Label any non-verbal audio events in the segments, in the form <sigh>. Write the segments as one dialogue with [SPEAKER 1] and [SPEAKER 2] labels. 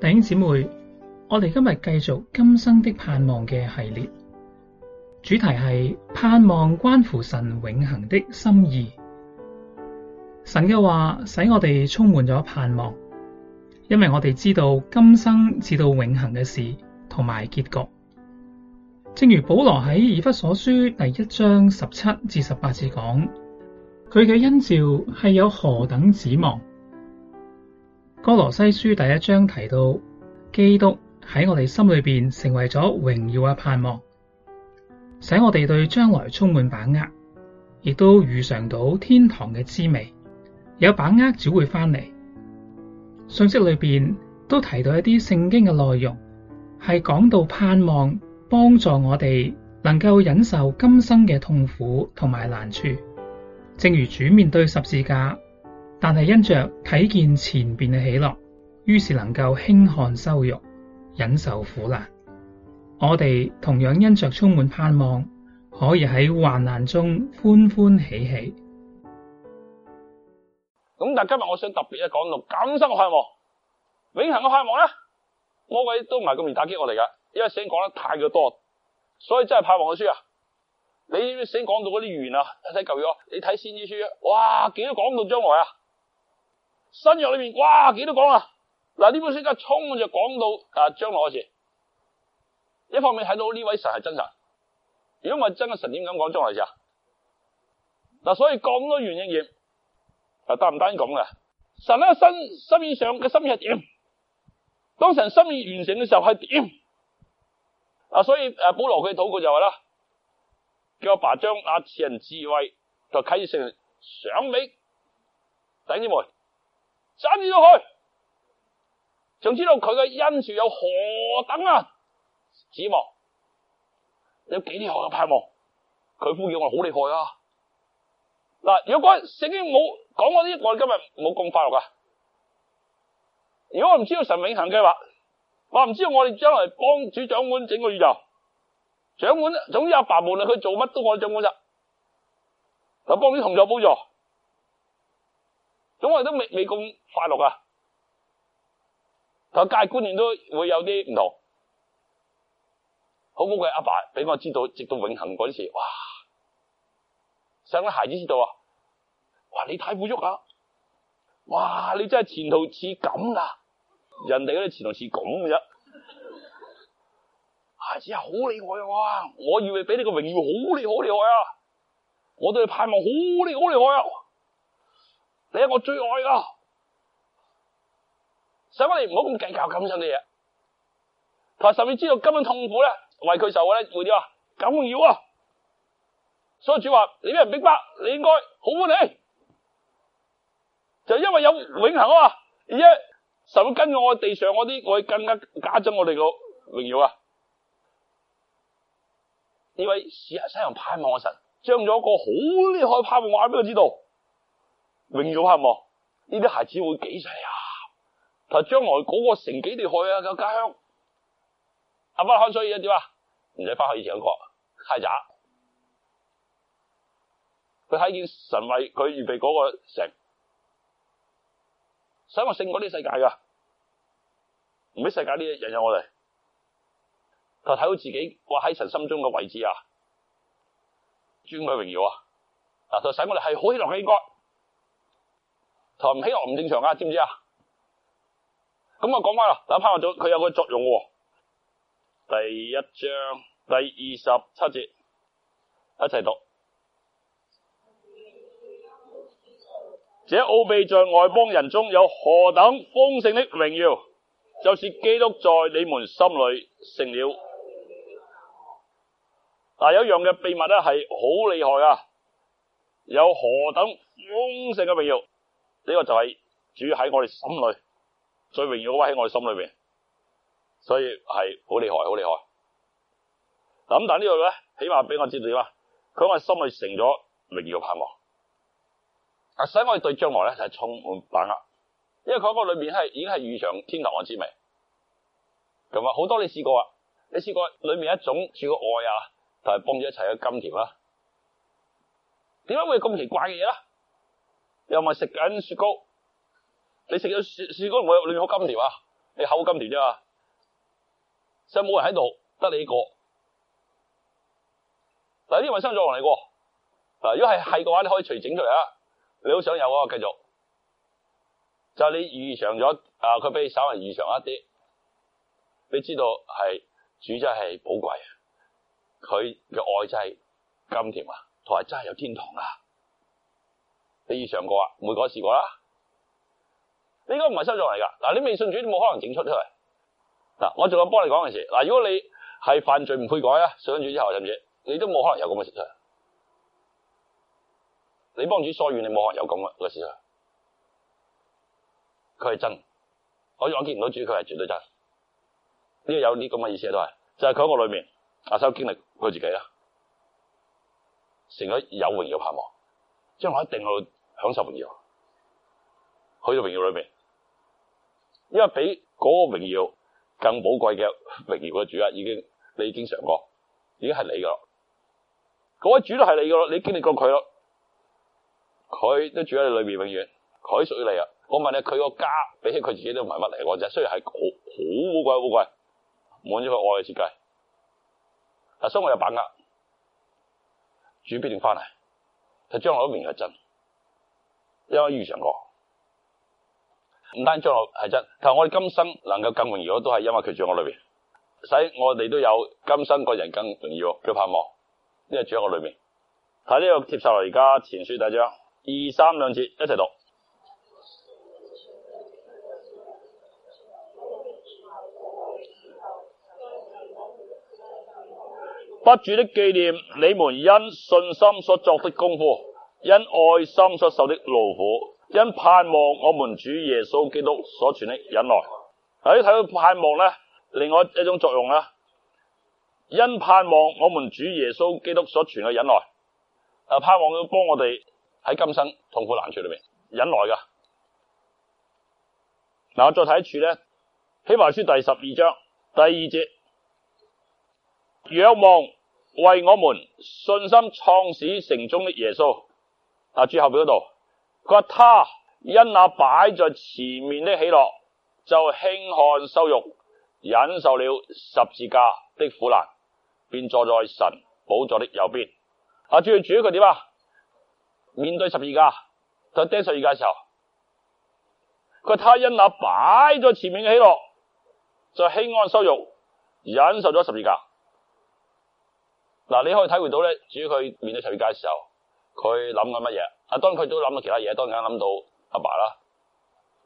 [SPEAKER 1] 弟兄姊妹，我哋今日繼續今生的盼望嘅系列，主題係盼望關乎神永恆的心意。神嘅話使我哋充滿咗盼望，因為我哋知道今生至到永恆嘅事同埋結局。正如保羅喺以弗所書第一章十七至十八節講，佢嘅恩召係有何等指望。哥羅西書第一章提到，基督喺我哋心裏邊成為咗榮耀嘅盼望，使我哋對將來充滿把握，亦都預嘗到天堂嘅滋味。有把握只會翻嚟。信息裏邊都提到一啲聖經嘅內容，係講到盼望，幫助我哋能夠忍受今生嘅痛苦同埋難處。正如主面對十字架。但係因着睇見前邊嘅喜樂，於是能夠輕看羞辱，忍受苦難。我哋同樣因着充滿盼望，可以喺患難中歡歡喜喜。
[SPEAKER 2] 咁但係今日我想特別一講到咁深嘅盼望，永恆嘅盼望咧，魔鬼都唔係咁易打擊我哋噶，因為想講得太過多，所以真係盼望嘅書啊，你想講到嗰啲語言啊，睇舊約，你睇先知書，哇，幾多講到將來啊！新約裏面哇幾多講啊！嗱呢本書家冲就講到啊將來嗰事，一方面睇到呢位神係真神，如果唔係真嘅神，點敢講將來事啊？嗱，所以咁多預言，係得唔單咁嘅？神呢，心心意上嘅心意係點？當神心意完成嘅時候係點？啊，所以誒、啊啊啊啊啊、保羅佢禱告就話、是、啦，叫阿爸將啊賜人智慧同啟示上俾弟兄妹。」爭咗佢，想知道佢嘅恩召有何等啊？指望，有幾厲害嘅盼望？佢呼叫我，好厲害啊！嗱，如果聖經冇講我呢，我哋今日冇咁快樂啊！如果我唔知道神永恒計劃，我唔知道我哋將來幫主掌管整個宇宙，長官總之阿爸無論佢做乜都我愛長官啫，嗱，幫啲同座幫助。咁我都未未咁快樂啊！但係價值觀念都會有啲唔同。好寶貴阿爸俾我知道，直到永恒嗰時，哇！想啲孩子知道啊！哇！你太富喐啦！哇！你真係前途似錦呀，人哋嗰啲前途似錦嘅啫。孩子好厲害哇、啊！我以為俾你個榮譽好厲好厲害啊！我對你盼望好厲好厲害啊！你係我最愛噶，想乜你唔好咁計較感情啲嘢。佢神甚至知道今日痛苦咧，為佢受咧，會點啊？咁榮耀啊！所以主話你俾人逼迫，你應該好歡喜，就因為有永恆、啊。而家甚至跟住我地上嗰啲，會更加加增我哋個榮耀啊！呢位事實上係盼望神，將咗個好厲害盼望話俾佢知道。榮耀下嘛，呢啲孩子會幾細啊？佢話將來嗰個城幾厲害啊？個家鄉阿伯看衰啊？點啊？唔使翻去以前嗰個太渣。佢睇見神為佢預備嗰個城，想話勝過呢世界噶，唔俾世界啲嘢引誘我哋。佢睇到自己我喺神心中嘅位置啊，尊貴榮耀啊！嗱、啊，使我哋係好起來嘅應該。談起嚟唔正常啊！知唔知啊？咁我講翻啦，打趴咗佢有個作用啊。第一章第二十七節一齊讀。這奧祕在外邦人中有何等豐盛的榮耀，就是基督在你們心裡成了。但有一樣嘅秘密呢，係好厲害啊，有何等豐盛嘅榮耀。呢個就係主喺我哋心裏最榮耀嘅位喺我哋心裏邊，所以係好厲害，好厲害。咁但係呢個咧，起碼俾我知道點啊？佢話心裏成咗榮耀嘅盼望，使我哋對將來咧係、就是、充滿把握，因為佢嗰個裏面係已經係預嘗天堂嘅滋味。咁啊，好多你試過啊，你試過裏面一種主嘅愛啊，同、就、埋、是、幫住一齊嘅甘甜啦、啊，點解會咁奇怪嘅嘢咧？又咪食緊雪糕？你食咗雪，雪糕，唔會入好金條啊？你口金條啫啊！所以冇人喺度，得你、這個。嗱，呢位新作王嚟㗎，嗱，如果係係嘅話，你可以隨整出嚟啊，你好想有啊？繼續，就你預嘗咗，啊，佢俾你稍為預嘗一啲，你知道係主寶貴真係寶貴，佢嘅愛就係金條啊，同埋真係有天堂啊！你以上過啊，每改試過啦。呢個唔係收咗嚟噶，嗱，你未信主冇可能整出出嚟。嗱，我仲要幫你講件事，嗱，如果你係犯罪唔悔改啊，信主之後甚至你都冇可能有咁嘅事出嚟。你幫主疏遠，你冇可能有咁嘅事出嚟。佢係真，我我見唔到主，佢係絕對真。呢個有啲咁嘅意思都係，就係佢喺我裏面阿修經歷佢自己啦，成咗有榮耀盼望，將我一定路。享受榮耀，去到榮耀裏面，因為比嗰個榮耀更寶貴嘅榮耀嘅主啊，已經你已經嘗過，已經係你噶啦，嗰位主都係你噶咯，你經歷過佢咯，佢都住喺你裏面永遠，佢屬於你啊！我問你，佢個家比起佢自己都唔係乜嚟嘅啫，雖然係好好貴好貴，滿咗佢愛嘅設計，但所以我有把握，主必定翻嚟，佢將來嘅榮耀真。因為遇上過，唔單只我係真，但我哋今生能夠更榮耀，都係因為佢住我裏邊，使我哋都有今生個人更榮耀。叫盼望，因為住喺我裏邊。睇呢個貼出嚟，而家前書第一章二三兩節一齊讀， <noise> 不住的紀念你們因信心所作的功夫。因愛心所受的勞苦，因盼望我們主耶穌基督所存的忍耐。喺睇到盼望呢，另外一種作用啊，因盼望我們主耶穌基督所存嘅忍耐，啊，盼望要幫我哋喺今生痛苦難處裏面忍耐的。我再睇一處呢，咧，《希伯來書》第十二章第二節，仰望為我們信心創始成終的耶穌。啊！主後邊嗰度，佢他，他因那擺在前面的喜樂，就輕看羞辱，忍受了十字架的苦難，便坐在神寶座的右邊。啊！注意主佢點啊？面對十字架，就釘、是、十字架嘅時候，佢他因那擺在前面嘅喜樂，就輕看羞辱，忍受咗十字架。嗱，你可以體會到咧，主要佢面對十字架嘅時候。佢諗緊乜嘢？當然佢都諗到其他嘢，當然諗到阿爸啦。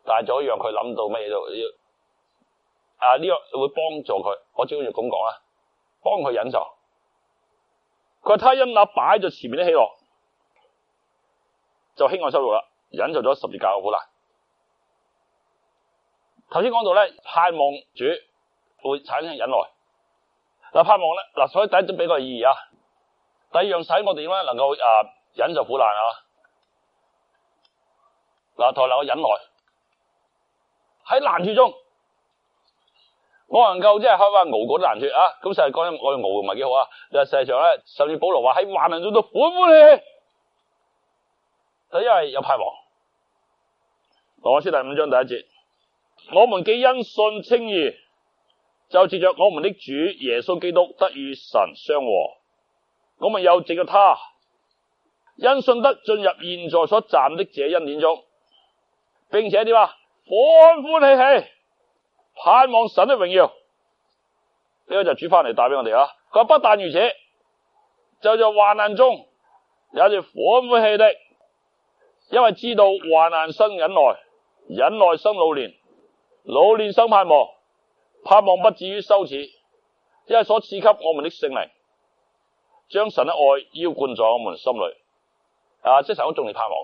[SPEAKER 2] 但係仲有一樣佢諗到乜嘢就要啊呢、這個會幫助佢。我只可咁講啦，幫佢忍受。佢因那擺在前面啲喜樂，就輕看羞辱啦。忍受咗十字架。好啦，頭先講到咧，盼望主會產生忍耐。嗱，盼望咧，嗱，所以第一種俾個意義啊。第二樣使我哋呢能夠啊。忍就苦難啊！嗱，台我忍耐喺難處中，我能夠即係，開翻熬過啲難處啊！咁實係講一我哋唔係幾好啊！你係實際上呢，甚至保羅話喺萬人中都活翻你。就、啊、因為有盼望。羅馬書第五章第一節：我們既因信稱義，就藉着我們的主耶穌基督得與神相和。咁啊有這個他。因信得進入現在，在所站的這恩典中，並且點啊，歡歡喜喜盼望神的榮耀。呢、這個就主翻嚟帶俾我哋啊！佢不但如此，就在患難中有啲歡歡喜喜的，因為知道患難生忍耐，忍耐生老練，老練生盼望，盼望不至於羞恥，因為所賜給我們的聖靈，將神的愛澆灌在我們心裡。啊！即係陳仲嚟盼望。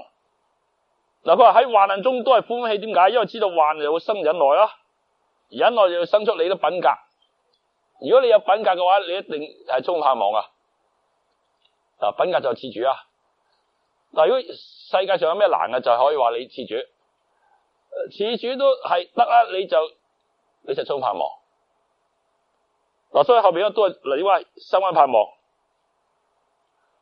[SPEAKER 2] 嗱，佢話喺患難中都係歡喜，點解？因為知道患又會生忍耐咯，而忍耐又生出你嘅品格。如果你有品格嘅話，你一定係充滿盼望啊！品格就係自主啊。但如果世界上有咩難嘅，就可以話你自主，自主都係得啦。你就你就充滿盼望。嗱，所以後邊都係你外生嘅盼望。